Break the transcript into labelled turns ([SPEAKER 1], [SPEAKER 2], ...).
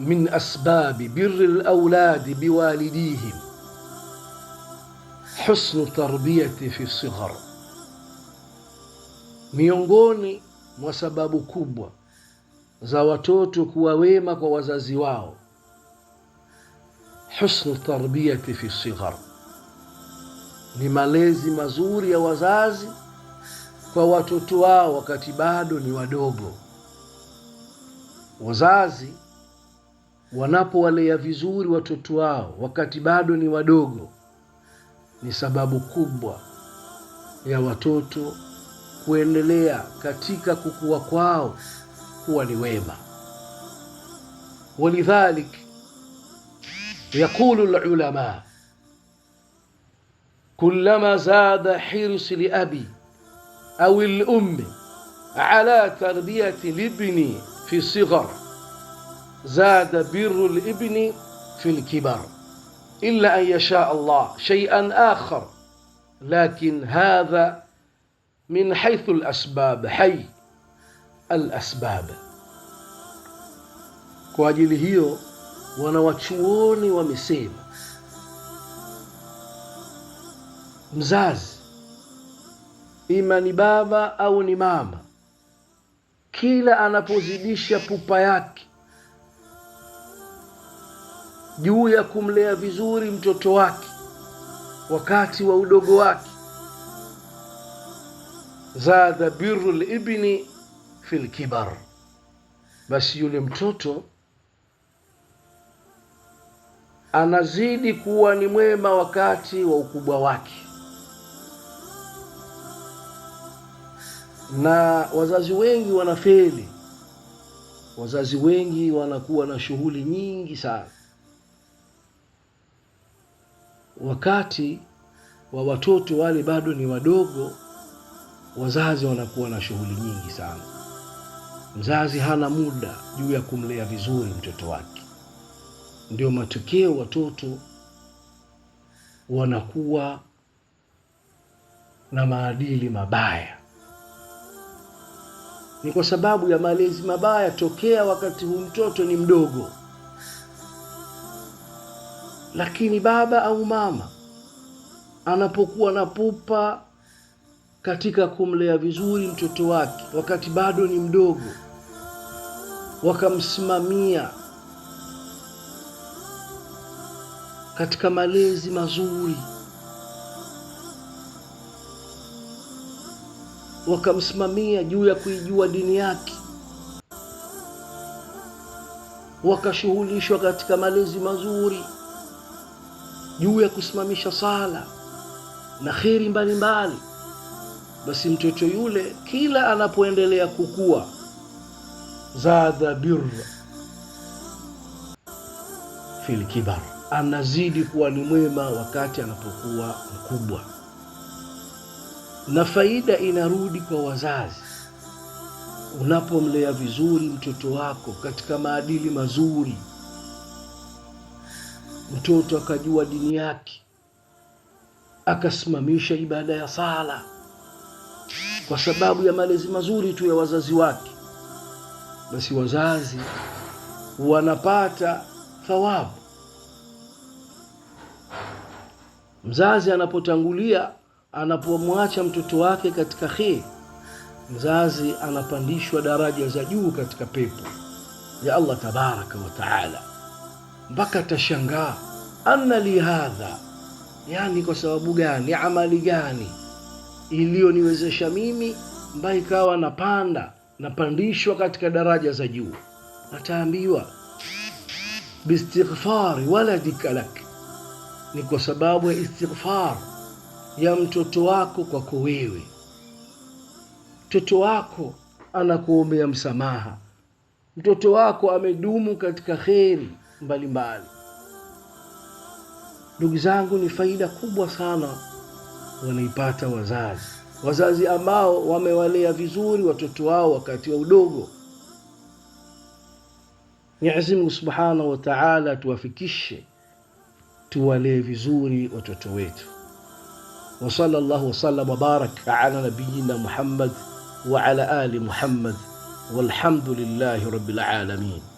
[SPEAKER 1] من أسباب بر الأولاد بوالديهم حسن تربية في الصغر ميونغوني وسباب كبوة زواتوتو كواويما كوزازيواو حسن تربية في الصغر ni malezi mazuri ya wazazi kwa watoto wao wakati bado ni wanapowalea vizuri watoto wao wakati bado ni wadogo, ni sababu kubwa ya watoto kuendelea katika kukua kwao kuwa ni wema. Walidhalik yaqulu lulama kullama zada hirsi liabi au lummi ala tarbiyati libni fi sighar زاد بر الابن في الكبر الا ان يشاء الله شيئا اخر لكن هذا من حيث الاسباب حي الاسباب كواجل هيو wanawachuoni wamesema مزاز إما ni أو au ni أنا kila anapozidisha pupa yake juu ya kumlea vizuri mtoto wake wakati wa udogo wake. Zada biru libni fi lkibar, basi yule mtoto anazidi kuwa ni mwema wakati wa ukubwa wake. Na wazazi wengi wanafeli, wazazi wengi wanakuwa na shughuli nyingi sana wakati wa watoto wale bado ni wadogo, wazazi wanakuwa na shughuli nyingi sana. Mzazi hana muda juu ya kumlea vizuri mtoto wake, ndio matokeo watoto wanakuwa na maadili mabaya. Ni kwa sababu ya malezi mabaya tokea wakati huu mtoto ni mdogo. Lakini baba au mama anapokuwa na pupa katika kumlea vizuri mtoto wake wakati bado ni mdogo, wakamsimamia katika malezi mazuri, wakamsimamia juu ya kuijua dini yake, wakashughulishwa katika malezi mazuri juu ya kusimamisha sala na kheri mbalimbali, basi mtoto yule kila anapoendelea kukua, zadha birra fil kibar, anazidi kuwa ni mwema wakati anapokuwa mkubwa, na faida inarudi kwa wazazi. Unapomlea vizuri mtoto wako katika maadili mazuri Mtoto akajua dini yake, akasimamisha ibada ya sala kwa sababu ya malezi mazuri tu ya wazazi wake, basi wazazi wanapata thawabu. Mzazi anapotangulia, anapomwacha mtoto wake katika kheri, mzazi anapandishwa daraja za juu katika pepo ya Allah tabaraka wa taala mpaka atashangaa anna li hadha, yani kwa sababu gani, amali gani iliyoniwezesha mimi mbaye ikawa napanda napandishwa katika daraja za juu. Ataambiwa bistighfari waladika lak, ni kwa sababu ya istighfar ya mtoto wako kwako wewe. Mtoto wako anakuombea msamaha, mtoto wako amedumu katika kheri mbalimbali. Ndugu zangu, ni faida kubwa sana wanaipata wazazi, wazazi ambao wamewalea vizuri watoto wao wakati wa udogo. Mwenyezi Mungu Subhanahu wa Ta'ala tuwafikishe, tuwalee vizuri watoto wetu. wa sallallahu wa sallam wa baraka ala nabiyina Muhammad wa ala ali Muhammad walhamdulillahi rabbil alamin.